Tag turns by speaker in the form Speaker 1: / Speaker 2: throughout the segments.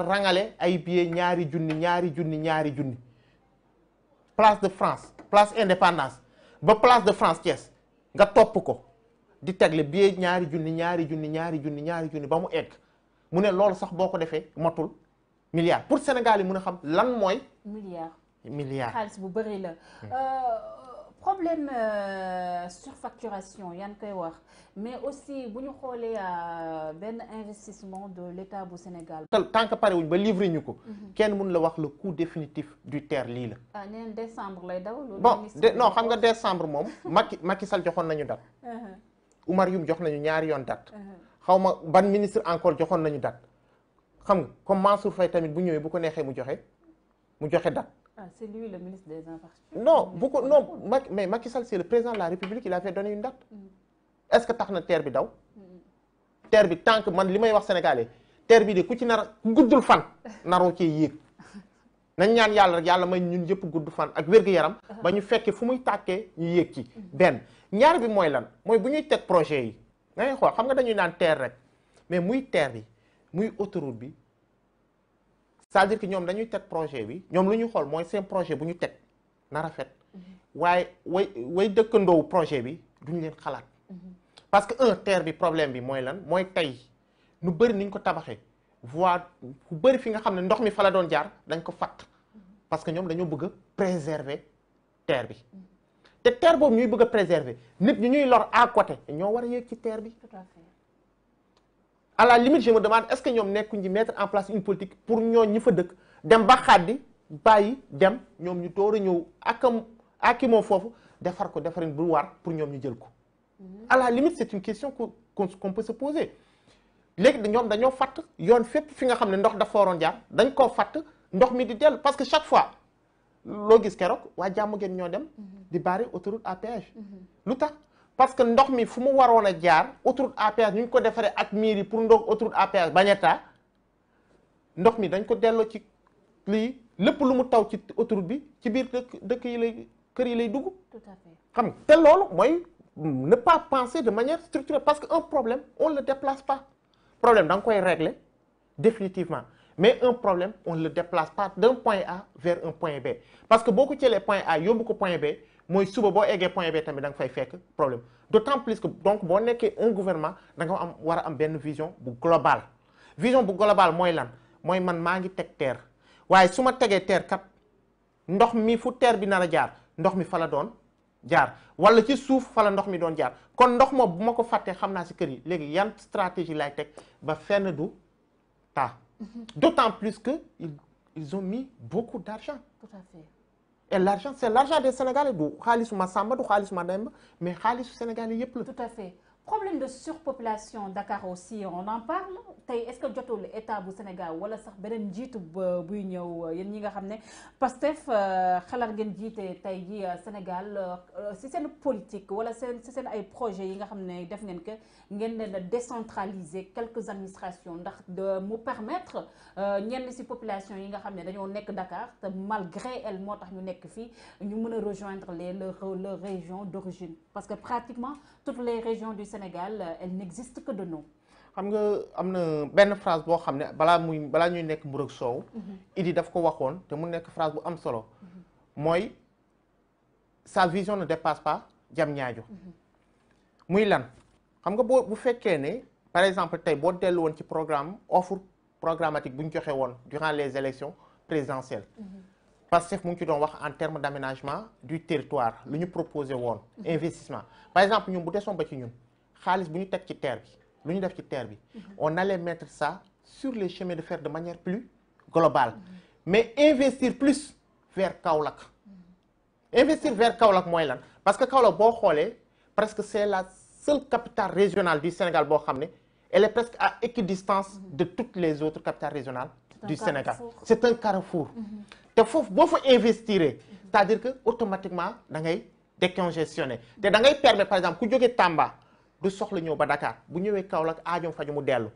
Speaker 1: rangale ay billet ñaari junni ñaari junni ñaari junni place de France place indépendance ba place de France Thiès nga topp ko di tegle billet ñaari junni ñaari junni ñaari junni ñaari junni ba mu egg mu ne loolu sax boo ko defee matul milliard pour Sénégal yi mun a xam lan mooy. milliard milliard
Speaker 2: bu bëri la. Hmm. Euh, problème euh, surfacturation yaa ngi koy wax mais aussi bu ñu xoolee euh, benn investissement de l'État bu Sénégal. tant que
Speaker 1: pare wuñ ba livré ñu ko. Mhm. kenn mun la wax le coût définitif du TER lii la.
Speaker 2: ah nee décembre lay daw. bon non
Speaker 1: xam nga décembre moom. Macky Macky Sall joxoon nañu date. Uh-huh. Oumar Youm jox nañu ñaari yoon date. Uh-huh. xaw ma ban ministre encore joxoon nañu date. xam nga comme Mansour Faye tamit bu ñëwee bu ko neexee mu joxe mu joxe dat
Speaker 2: Ah, c'est lui le ministre des Infrastructures.
Speaker 1: Non, beaucoup, non mais Macky Sall, c'est le président de la République, il avait donné une date. Mm. Est-ce que tax na terre bi daw. Mm. terre bi tant man li may wax sénégalais terre bi de ku ci nar guddul fan naroo cee yéeg nañ ñaan yàlla rek yàlla may ñun yëpp gudd fan ak wér-gu-yaram ba ñu fekkee fu muy tàkkee ñu yéeg ci mm. benn ñaar bi mooy lan mooy bu ñuy teg projet yi ngay xool xam nga dañuy naan terre rek mais muy terre bi muy autoroute bi c'est-à-dire que ñoom dañuy teg projet bi ñoom lu ñuy xool mooy seen projet bu ñu teg na rafet mm-hmm. waaye way way dëkkandoowu projet bi duñu leen xalaat mm-hmm. parce que un terre bi problème bi mooy lan mooy tey nu bëri niñ ko tabaxee voie ku bëri fi nga xam ne ndox mi fa la doon jaar dañ ko fatt mm-hmm. parce que ñoom dañoo bëgg préserver terre bi te terre boobu ñuy bëgg préserver nit ñu ñuy lor à côté ñoo war a yéeg ci terre bi à la limite je me demande est-ce que ñoom nekkuñ ci mettre en place une politique pour ñoo ñi fa dëkk dem ba xaddi bàyyi dem ñoom ñu toor a ñëw akam aki moom foofu defar ko defarin bul war pour ñoom ñu jël ko à la limite c'est une question qu'on qu'on peut se poser léegi ñoom dañoo fatt yoon fépp fi nga xam ne ndox dafa waroon jaar dañ koo fatt ndox mi di dellu parce que chaque fois loo gis keroog waa jàmm ngeen ñoo dem mm-hmm. di bari autoroute à péage mm-hmm. lu tax parce que ndox mi fu mu waroon a jaar autoroute à péage ñu ko defaree ak miir yi pour ndox autoroute à péage bañ ndox mi dañ ko delloo ci li lépp lu mu taw ci autoroute bi ci biir dëkk dëkk yi lay kër yi lay dugg. xam nga te loolu mooy ne pas penser de manière structurée parce que un problème on le déplace pas problème da nga koy régler définitivement mais un problème on le déplace pas d'un point A vers un point B parce que boo ko jëlee point A yóbbu ko point B. mooy suba boo eggee point B tamit da nga fay fekk problème d'autant plus que donc boo nekkee un gouvernement da nga am war a am benn vision bu globale vision bu globale mooy lan mooy man maa ngi teg terre waaye su ma tegee terre kat ndox mi fu terre bi na a jaar ndox mi fa la doon jaar wala ci suuf fa la ndox mi doon jaar kon ndox moom bu ma ko fàttee xam naa si kër yi léegi yan stratégie lay teg ba fenn du taa mhm. d'autant plus que ils ont mis beaucoup d'argent. Tout et l' argent c' est l' argent des
Speaker 2: Sénégalais du xaalisu Masamba du xaalisu Mademba mais yëpp la. problème de surpopulation Dakar aussi on en parle tey est-ce que jotul état bu Sénégal wala sax beneen njiitu buy ñëw euh, yéen ñi nga xam ne Pastef euh, xelal ngeen jiite tey ji euh, Sénégal si seen politique wala seen si seen ay projets yi nga xam ne def ngeen ko ngeen leen a décentraliser quelques administrations ndax mu permettre ñenn si population yi nga xam ne dañoo nekk Dakar te malgré elle moo tax ñu nekk fii ñu mun a rejoindre les leur région d'origine parce que pratiquement Sénégal euh, elle n'existe que de nous.
Speaker 1: xam nga am na benn phrase boo xam ne balaa muy balaa ñuy nekk mburu ak soow. Mhm. Idi daf ko waxoon te mu nekk phrase bu am solo. Mhm. mooy sa vision ne dépasse pas Diamniadio. Mhm. muy lan xam nga boo bu fekkee ne par exemple tey boo dellu woon ci programme offre programmatique bu ñu joxe woon durant les élections présidentielles. Pastef mu ngi ci doon wax en terme d' aménagement du territoire lu ñu proposé woon. investissement par exemple ñun bu desoon ba ci ñun. xaalis bu ñu teg ci teer bi lu ñu def ci terre bi mhm. on allait mettre ça sur les chemins de fair de manière plus globale mhm. mais investir plus vers Kaolack mhm. investir vers Kaolack mooy lan parce que Kaolack boo xoolee presque c'est la seule capitale régionale du Sénégal boo xam ne elle est presque à équidistance de toutes les autres capitales régional du Sénégal c'est un carrefour te foofu boo fa investir c'est-à-dire que automatiquement da ngay décongestionner te da ngay permettre par exemple ku jógee Tamba du soxla ñëw ba Dakar bu ñëwee Kaolack aajoom faju mu dellu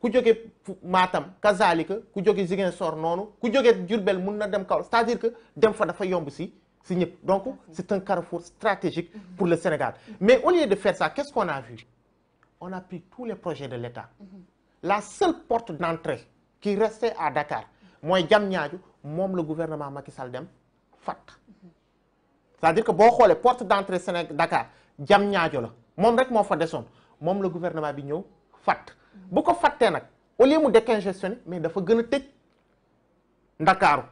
Speaker 1: ku jóge Matam kazalika ku jóge Ziguinchor noonu ku jóge Diourbel mun na dem Kaolack cest dire que dem fa dafa yomb si si ñëpp donc c'est un carrefour stratégique pour le Sénégal mais au lieu de faire ça qu'est-ce qu'on a vu on a pris tous les projets de l'État la seule porte d'entrée qui restait à Dakar mooy Diamniadio moom la gouvernement Macky Sall dem fat c'est-à-dire que boo xoolee porte d'entrée Sénégal Dakar Diamniadio la moom rek moo fa desoon moom la gouvernement bi ñëw fàtt bu ko fàttee nag au lieu mu décongestionner mais dafa gën a tëj ndakaaru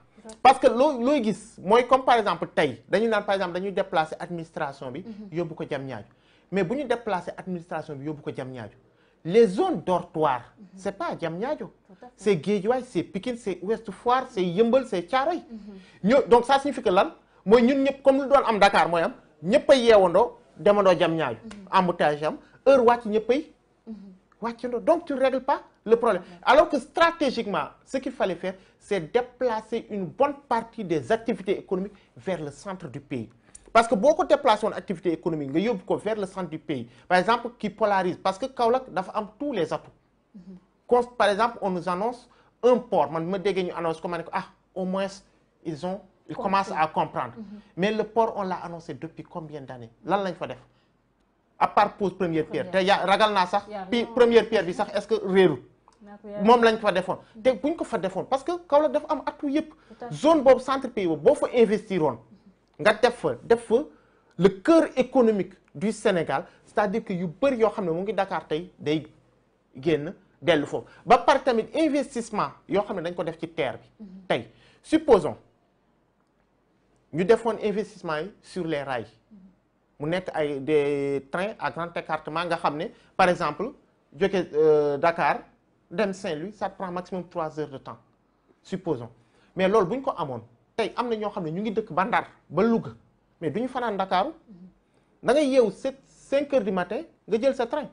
Speaker 1: parce que loo looy gis mooy comme par exemple tey dañu naan par exemple dañuy déplacer administration bi mhm. yóbbu ko jam ñaaju mais bu ñu déplacer administration bi yóbbu ko jam ñaaju les zones dortoirs mhm. c'est pas jam ñaajo c'est Guédiawaye c'est Pikine c'est Ouest Foire c'est Yeumbeul c'est Thiaroye mhm. ñoo donc ça signifie que lan mooy ñun ñëpp comme doon am Dakar mooy am ñëpp a yeewandoo demandoo jam ñaaju mhm. embouteillage am heure wàcc ñëppay mhm. wàccandoo donc tu ne règles pas le problème alors que stratégiquement ce qu'il fallait faire c'est déplacer une bonne partie des activités économiques vers le centre du pays parce que boo ko déplacé woon activité économique nga yóbbu ko vers le centre du pays par exemple qui polarise parce que Kaolack dafa am tous les atouts mhm. comme par exemple on nous annonce un port man ma déggee ñu annonce ko ma ne ko ah au moins ils ont ils commencent à comprendre mhm. mais le port on l'a annoncé depuis combien d'années lan lañ fa def à part pose première pierre te yaa ragal naa sax puis première pierre bi sax est-ce que réeru moom lañ fa defoon te buñ ko fa defoon parce que Kaolack dafa am atout yëpp zone boobu centre pays boobu boo fa investiroon nga def fa def fa le cœur économique du Sénégal c'est-à-dire que yu bëri yoo xam ne mu ngi dakaar tey day génn dellu foofu ba pare tamit investissement yoo xam ne dañ ko def ci terre bi mhm. tey supposons ñu defoon investissement yi sur les rails mu nekk ay des trains à grand écartement nga xam ne par exemple jóge euh, Dakar dem Saint-Louis ça prend maximum trois heures de temps supposon mais loolu bu ñu ko amoon tey am na ñoo xam ne ñu ngi dëkk ba Ndar ba Louga mais du ñu fanaan Ndakaaru da ngay yeewu sept cinq heures du matin nga jël sa train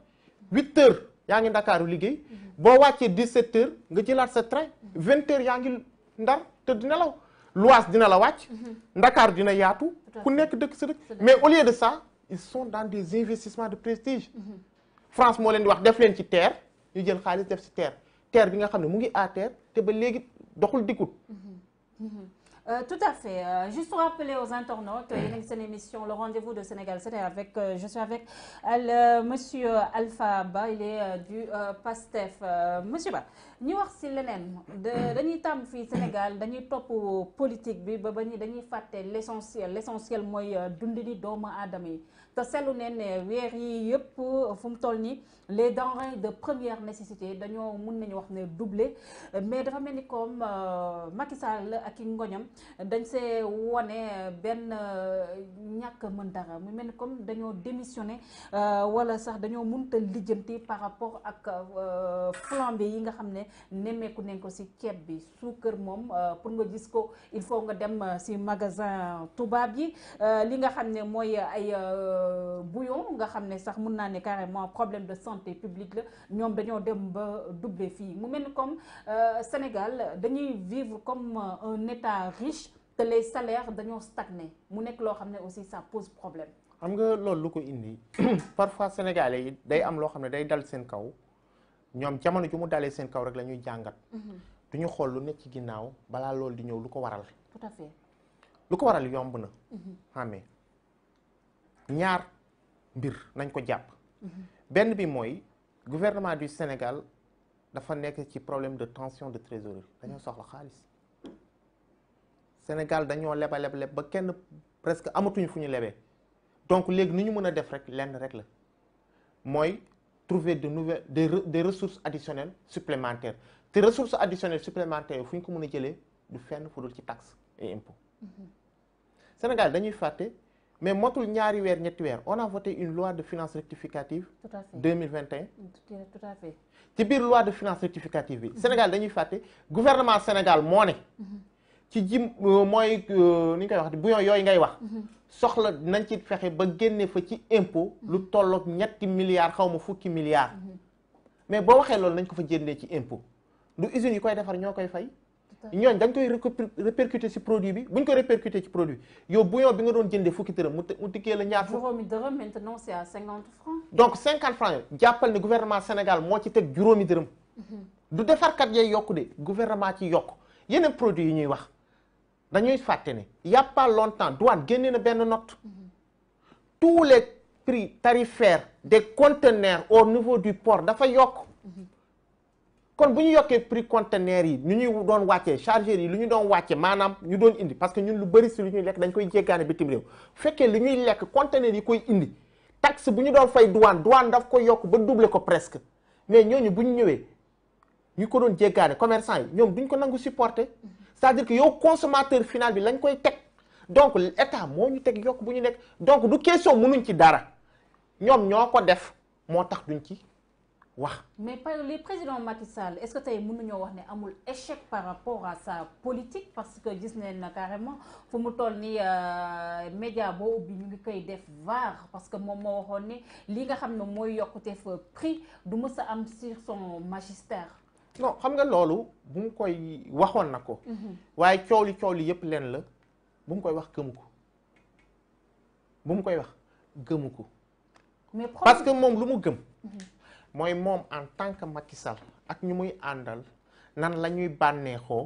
Speaker 1: huit heures yaa ngi Ndakaaru liggéey mm-hmm. boo wàccee dix-sept heures nga jëlaat sa train mm-hmm. vingt heures yaa ngi Ndar te du nelaw luwaas dina la wàcc mhm. ndakaar dina yaatu ku nekk dëkk sa dëkk mais au lieu de sa ils sont dans des investissements de prestige mhm. France moo leen di wax def leen ci terre ñu jël xaalis def ci terre terre bi nga xam ne mu ngi à terre te ba léegi doxul dikkut mhm.
Speaker 2: Euh, tout à fait. Euh, juste pour rappeler aux internautes, euh, il y a une émission, le rendez-vous de Sénégal, c'était avec, euh, je suis euh, monsieur euh, Alpha Ba, il est du PASTEF. monsieur Ba, ñu wax si leneen dañuy tàmm fii Sénégal dañuy topp politique bi ba ba ñu dañuy fàtte l' essentiel mooy essentiel mooy dundini doomu aadama yi te seetlu ne ne weer yi yëpp fu mu toll nii les denrées de première nécessité dañoo mun nañu wax ne doublé mais dafa mel ni comme Macky Sall ak i ngoñam dañ see wone euh, benn euh, ñàkk mën dara mu mel ni comme dañoo démissionné euh, wala sax dañoo mënta lijjanti par rapport ak flambée yi nga xam ne nemmeeku nañ ko ci ceeb bi kër moom pour nga gis ko il faut nga dem ci magasin tubaab yi li nga xam ne mooy ay bouillon nga xam ne sax mun naa ne carrément problème de santé publique la ñoom dañoo dem ba double fii mu mel ni comme Sénégal dañuy vivre comme un état riches te les salaires dañoo stagné mu nekk loo xam ne aussi ça pose problème.
Speaker 1: xam nga loolu lu ko indi parfois sénégalais yi day am loo xam ne day dal seen kaw ñoom jamono ju mu dalee seen kaw rek lañuy ñuy jàngat. Mhm. du ñu xool lu nekk ci ginnaaw balaa loolu di ñëw lu ko waral. tout à lu ko waral yomb na. xamee mhm. ah, ñaar mbir nañ ko jàpp. Mhm. benn bi mooy gouvernement du Sénégal dafa nekk ci problème de tension de trésorerie dañoo soxla xaalis. Sénégal dañoo leba leb ba kenn presque amatuñ fu ñu lebee donc léegi ni ñu mën a def rek lenn rek la mooy trouver de nouvelles des des ressources additionnelles supplémentaires te ressources additionnelles supplémentaires fu ñu ko mën a jëlee du fenn fu ci taxe et
Speaker 3: mm-hmm.
Speaker 1: dañuy fàtte mais motul ñaari weer ñetti weer on a voté une loi de finances rectificative. tout à fait 2021. ci biir loi de finances rectificative bi. Sénégal dañuy fàtte gouvernement Sénégal moo ne. Mm-hmm. ci jim euh, mooy euh, ni ñu koy wax bouillon yooyu ngay wax mhm. soxla nañ ci fexe ba génne fa ci impôt mhm. lu tolloog ñetti milliards xaw ma fukki milliards mhm. mais boo waxee loolu nañ ko fa jëndee ci impôt du usines yi koy defar ñoo koy fay ñooñ dañ koy répercuter ci produit bi buñ ko répercuter ci produit yow bouillon bi nga doon jëndee fukki dërëm mu tikkee la ñaar fukk
Speaker 2: juróomi dërëm maintenant c'est à cinquante francs donc
Speaker 1: cinquante francs yi jàppal ne gouvernement Sénégal moo ci teg juróomi dërëm du defarkat yay yokku de gouvernement ci yokk yeneen yi ñuy wax dañuy fàtte ne y a pas longtemps douane génne na benn not tous les prix tarifaires des conteneurs au niveau du port dafa yokk kon bu ñu yokkee prix conteneurs yi ñu ñuy doon wàccee chargeurs yi lu ñu doon wàcce maanaam ñu doon indi parce que ñun lu bëri si lu ñuy lekk dañ koy jéggaane bitim réew fekkee lu ñuy lekk conteneurs yi koy indi taxe bu ñu doon fay duwaan duwaan daf ko yokk ba duble ko presque mais ñooñu bu ñu ñëwee ñu ko doon jéggaane commerçant yi ñoom duñ ko nangu supporter c'est-à-dire que yow consommateur final bi lañ koy teg donc état moo ñu teg yokk bu ñu nekk donc du question mënuñ ci dara ñoom ñoo ko def moo tax duñ ci
Speaker 2: wax. mais par li président Macky Sall est-ce que tey mënuñoo wax ne amul échec par rapport à sa politique parce que gis nañ na carrément fu mu toll ni euh, média boo ubbi ñu ngi koy def vaar parce que moom moo waxoon ne li nga xam ne mooy yokkute prix du mësa a am sur son magistère.
Speaker 1: non xam nga loolu bu mu koy waxoon na ko mhm. waaye coow li coow li yëpp leen la bu mu koy wax gëmu ko bu koy wax gëmu ko parce que moom lu mu gëm mhm. mooy moom en tant que Macky Sall ak ñu muy àndal nan la ñuy bànneexoo